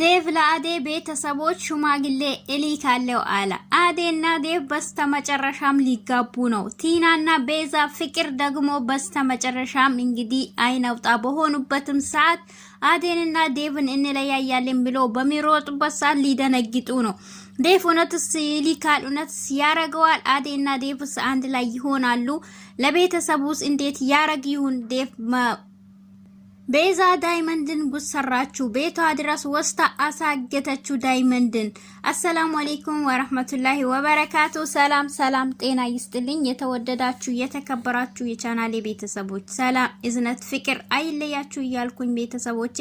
ዴቭ ለአዴ ቤተሰቦች ሽማግሌ እልካለሁ አለ። አዴና ዴቭ በስተመጨረሻም ሊጋቡ ነው። ቲናና ቤዛ ፍቅር ደግሞ በስተመጨረሻም እንግዲህ አይነውጣ በሆኑበትም ሰዓት አዴንና ዴቭን እንለያያለን ብሎ በሚሮጡበት ሰዓት ሊደነግጡ ነው። ዴቭ እውነትስ ይልካል፣ እውነትስ ያረገዋል። አዴና ዴቭስ አንድ ላይ ይሆናሉ። ለቤተሰቡስ እንዴት ያረግ ይሁን ዴቭ ቤዛ ዳይመንድን ጉድ ሰራችሁ። ቤቷ ድረስ ወስታ አሳገተችው ዳይመንድን። አሰላሙ አሌይኩም ወረህመቱላሂ ወበረካቱ። ሰላም ሰላም፣ ጤና ይስጥልኝ የተወደዳችሁ የተከበራችሁ የቻናሌ ቤተሰቦች፣ ሰላም እዝነት፣ ፍቅር አይለያችሁ እያልኩኝ ቤተሰቦቼ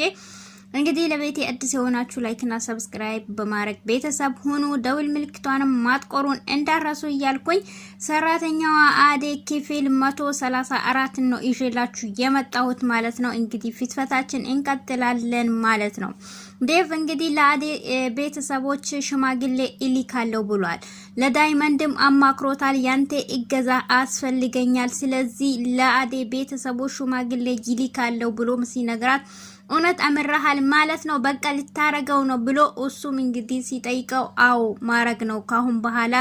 እንግዲህ ለቤቴ አዲስ የሆናችሁ ላይክና ሰብስክራይብ በማድረግ ቤተሰብ ሁኑ። ደውል ምልክቷንም ማጥቆሩን እንዳረሱ እያልኩኝ ሰራተኛዋ አዴ ክፍል መቶ ሰላሳ አራት ነው ይዤላችሁ የመጣሁት ማለት ነው። እንግዲህ ፍትፈታችን እንቀጥላለን ማለት ነው። ዴቭ እንግዲህ ለአዴ ቤተሰቦች ሽማግሌ ይልካለሁ ብሏል። ለዳይመንድም አማክሮታል። ያንተ እገዛ አስፈልገኛል፣ ስለዚህ ለአዴ ቤተሰቦች ሽማግሌ ይልካለሁ ብሎም ሲነግራት እውነት አምረሃል ማለት ነው፣ በቃ ልታረገው ነው ብሎ እሱም እንግዲህ ሲጠይቀው አዎ ማረግ ነው ካሁን በኋላ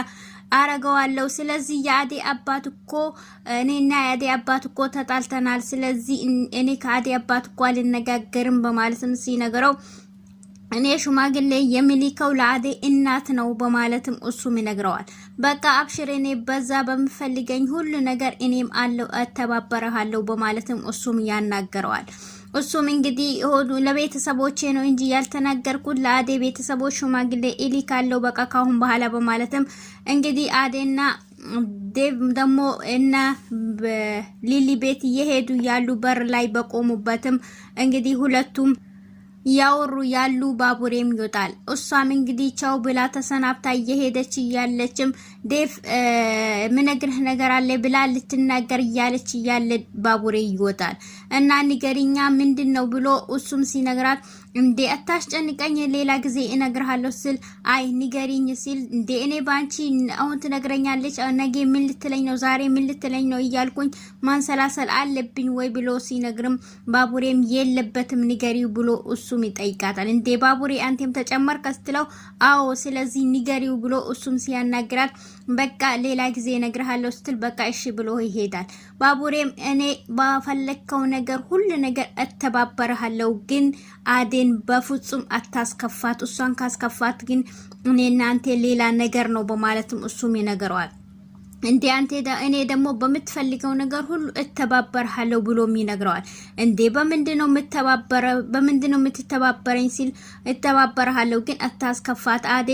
አረገዋለሁ። ስለዚህ የአዴ አባት እኮ እኔና የአዴ አባት እኮ ተጣልተናል፣ ስለዚህ እኔ ከአዴ አባት እኮ አልነጋገርም በማለትም ሲነግረው እኔ ሽማግሌ የሚልከው ለአዴ እናት ነው በማለትም እሱም ይነግረዋል። በቃ አብሽር፣ እኔ በዛ በምፈልገኝ ሁሉ ነገር እኔም አለው እተባበረሃለሁ በማለትም እሱም ያናገረዋል። እሱም እንግዲህ ሆዱ ለቤተሰቦቼ ነው እንጂ ያልተናገርኩት ለአዴ ቤተሰቦች ሽማግሌ እልካለሁ በቃ ካሁን በኋላ በማለትም እንግዲህ አዴና ዴቭ ደግሞ እና ሊሊ ቤት እየሄዱ ያሉ በር ላይ በቆሙበትም እንግዲህ ሁለቱም እያወሩ ያሉ ባቡሬም ይወጣል። እሷም እንግዲህ ቻው ብላ ተሰናብታ እየሄደች እያለችም ዴፍ ምነግርህ ነገር አለ ብላ ልትናገር እያለች እያለ ባቡሬ ይወጣል እና ንገሪኛ ምንድን ነው ብሎ እሱም ሲነግራት እንዴ አታስጨንቀኝ፣ ሌላ ጊዜ እነግርሃለሁ ስል አይ ንገሪኝ ሲል እንዴ እኔ ባንቺ አሁን ትነግረኛለች ነገ ምን ልትለኝ ነው ዛሬ ምን ልትለኝ ነው እያልኩኝ ማንሰላሰል አለብኝ ወይ ብሎ ሲነግርም ባቡሬም የለበትም ንገሪው ብሎ እሱም ይጠይቃታል። እንዴ ባቡሬ አንቴም ተጨመርከ ስትለው አዎ ስለዚህ ንገሪው ብሎ እሱም ሲያናግራት በቃ ሌላ ጊዜ እነግርሃለሁ ስትል በቃ እሺ ብሎ ይሄዳል። ባቡሬም እኔ ባፈለግከው ነገር ሁሉ ነገር እተባበረሃለሁ ግን አዴ እኔን በፍጹም አታስከፋት፣ እሷን ካስከፋት ግን እኔ እናንተ ሌላ ነገር ነው በማለትም እሱም ይነግረዋል። እንዴ አንተ እኔ ደግሞ በምትፈልገው ነገር ሁሉ እተባበርሃለሁ ብሎም ይነግረዋል። እንዴ በምንድን ነው የምተባበረ በምንድን ነው የምትተባበረኝ ሲል እተባበርሃለሁ፣ ግን አታስከፋት። አዴ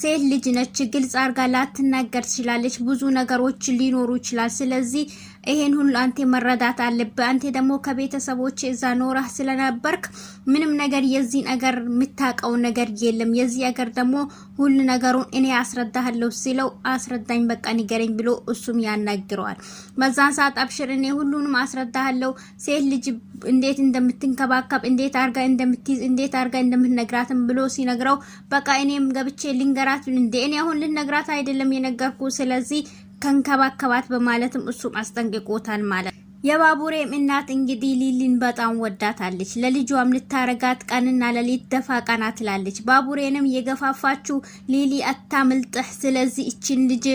ሴት ልጅ ነች፣ ግልጽ አርጋ ላትናገር ትችላለች። ብዙ ነገሮች ሊኖሩ ይችላል። ስለዚህ ይሄን ሁሉ አንቴ መረዳት አለብህ። አንተ ደግሞ ከቤተሰቦች እዛ ኖረህ ስለነበርክ ምንም ነገር የዚህ ነገር የምታውቀው ነገር የለም። የዚህ ነገር ደግሞ ሁሉ ነገሩን እኔ አስረዳሃለሁ ሲለው አስረዳኝ በቃ ንገረኝ ብሎ እሱም ያናግረዋል። በዛን ሰዓት አብሽር እኔ ሁሉንም አስረዳሃለሁ። ሴት ልጅ እንዴት እንደምትንከባከብ፣ እንዴት አርጋ እንደምትይዝ፣ እንዴት አርጋ እንደምትነግራትም ብሎ ሲነግረው በቃ እኔም ገብቼ ልንገራት እንዴ እኔ አሁን ልነግራት አይደለም የነገርኩ ስለዚህ ከንከባከባት በማለትም እሱም አስጠንቅቆታል ማለት የባቡሬም እናት እንግዲህ ሊሊን በጣም ወዳታለች። ለልጇም ልታረጋት ቀንና ለሊት ደፋ ቀና ትላለች። ባቡሬንም የገፋፋችው ሊሊ አታምልጥህ፣ ስለዚህ እችን ልጅ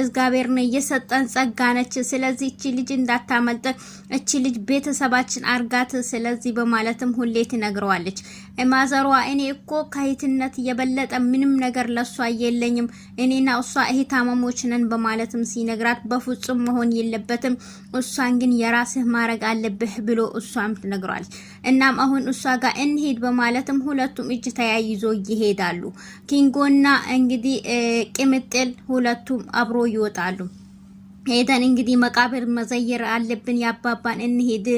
እግዚአብሔር ነው እየሰጠን ጸጋ ነች። ስለዚህ እቺ ልጅ እንዳታመልጥህ፣ እቺ ልጅ ቤተሰባችን አርጋት፣ ስለዚህ በማለትም ሁሌ ትነግረዋለች። ማዘሯ እኔ እኮ ከእህትነት የበለጠ ምንም ነገር ለሷ የለኝም፣ እኔና እሷ እህታማሞች ነን በማለትም ሲነግራት በፍጹም መሆን የለበትም እሷን ግን የራስህ ማድረግ አለብህ ብሎ እሷም ትነግሯለች። እናም አሁን እሷ ጋር እንሄድ በማለትም ሁለቱም እጅ ተያይዞ ይሄዳሉ። ኪንጎና እንግዲህ ቅምጥል ሁለቱም አብሮ ይወጣሉ። ሄደን እንግዲህ መቃብር መዘየር አለብን። ያባባን እንሄድ።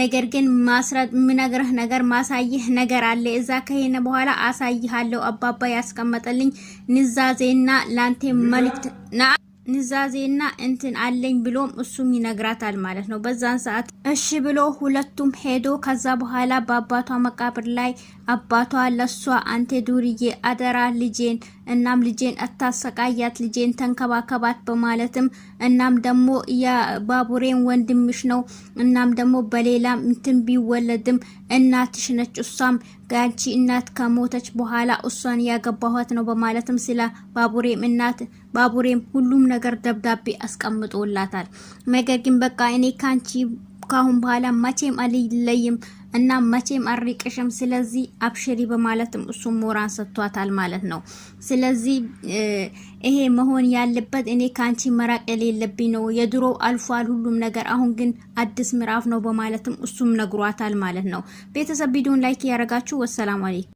ነገር ግን ማስረድ ምነግርህ ነገር ማሳይህ ነገር አለ። እዛ ከሄነ በኋላ አሳይሃለሁ። አባባ ያስቀመጠልኝ ንዛዜና ላንቴ መልክት ና ንዛዜና እንትን አለኝ ብሎም እሱም ይነግራታል ማለት ነው። በዛን ሰዓት እሺ ብሎ ሁለቱም ሄዶ ከዛ በኋላ በአባቷ መቃብር ላይ አባቷ ለሷ አንቴ ዱርዬ አደራ ልጄን እናም ልጄን አታሰቃያት፣ ልጄን ተንከባከባት በማለትም እናም ደግሞ የባቡሬን ወንድምሽ ነው እናም ደግሞ በሌላም እንትን ቢወለድም እናትሽ ነች እሷም ጋንቺ እናት ከሞተች በኋላ እሷን ያገባኋት ነው በማለትም ስለ ባቡሬም እናት ባቡሬም ሁሉም ነገር ደብዳቤ አስቀምጦላታል። ነገር ግን በቃ እኔ ካንቺ ካሁን በኋላ መቼም አልለይም እና መቼም አሪቅሽም፣ ስለዚህ አብሽሪ በማለትም እሱ ሞራን ሰጥቷታል ማለት ነው። ስለዚህ ይሄ መሆን ያለበት እኔ ከአንቺ መራቅ የሌለብኝ ነው፣ የድሮ አልፏል ሁሉም ነገር፣ አሁን ግን አዲስ ምዕራፍ ነው በማለትም እሱም ነግሯታል ማለት ነው። ቤተሰብ ቪዲዮን ላይክ ያደረጋችሁ፣ ወሰላሙ አሌይኩም።